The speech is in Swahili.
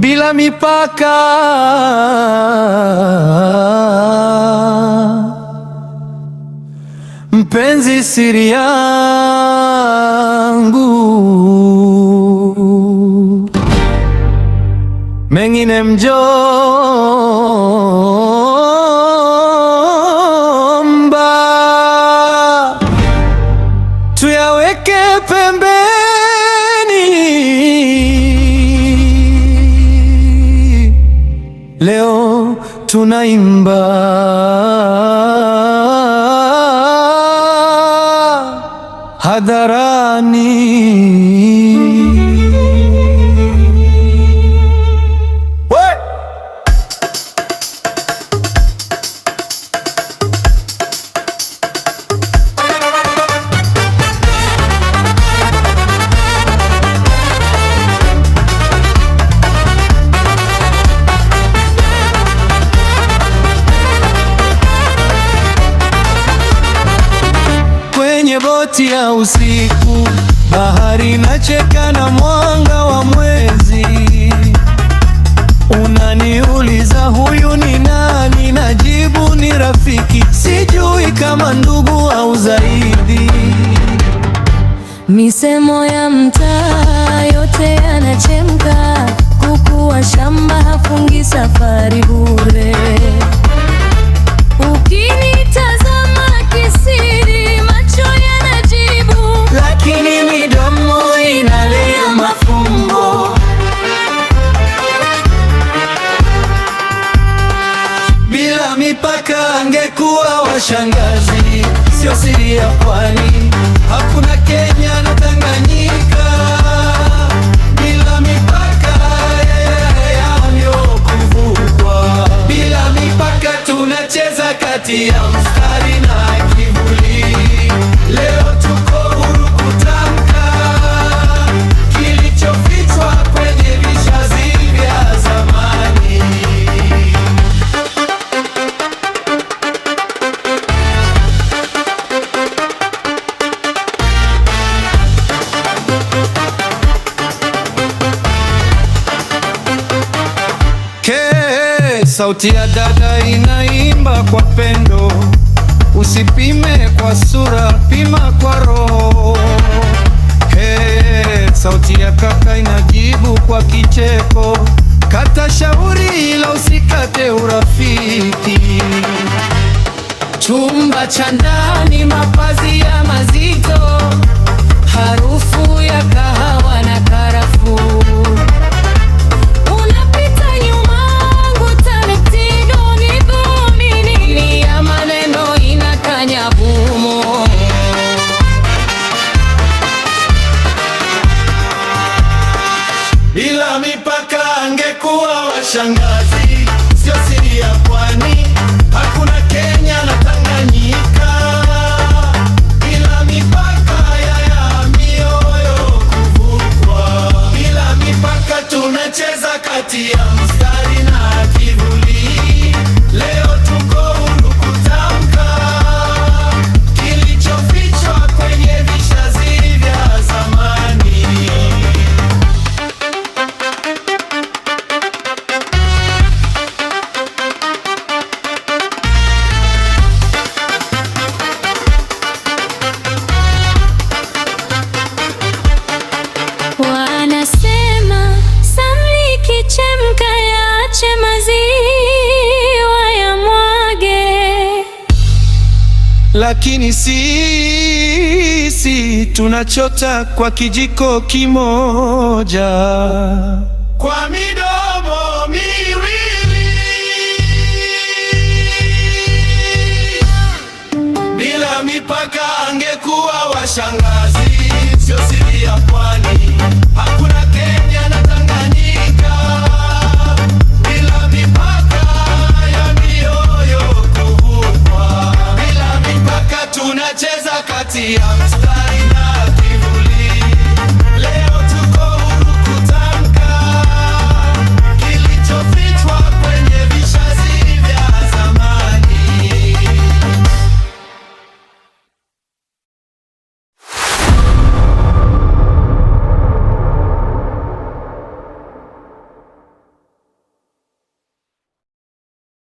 bila mipaka mpenzi, siri yangu mengine mjo Tuweke pembeni, leo tunaimba hadharani. katikati ya usiku, bahari inacheka na mwanga wa mwezi. Unaniuliza huyu ni nani? Najibu ni rafiki, sijui kama ndugu au zaidi. Misemo ya mtaa yote yanachemka, kuku wa shamba hafungi safari. kuwa washangazi sio siri ya pwani, hakuna Kenya na Tanganyika bila mipaka yamyo kuvukwa, bila mipaka tunacheza kati ya Sauti ya dada inaimba kwa pendo, usipime kwa sura, pima kwa roho. Hey, sauti ya kaka inajibu kwa kicheko, kata shauri ila usikate urafiki. Chumba cha ndani, mapazia mazito, harufu ya kahawa Shangazi lakini sisi tunachota kwa kijiko kimoja, kwa midomo miwili, bila mipaka. Angekuwa washangazi sio siri party on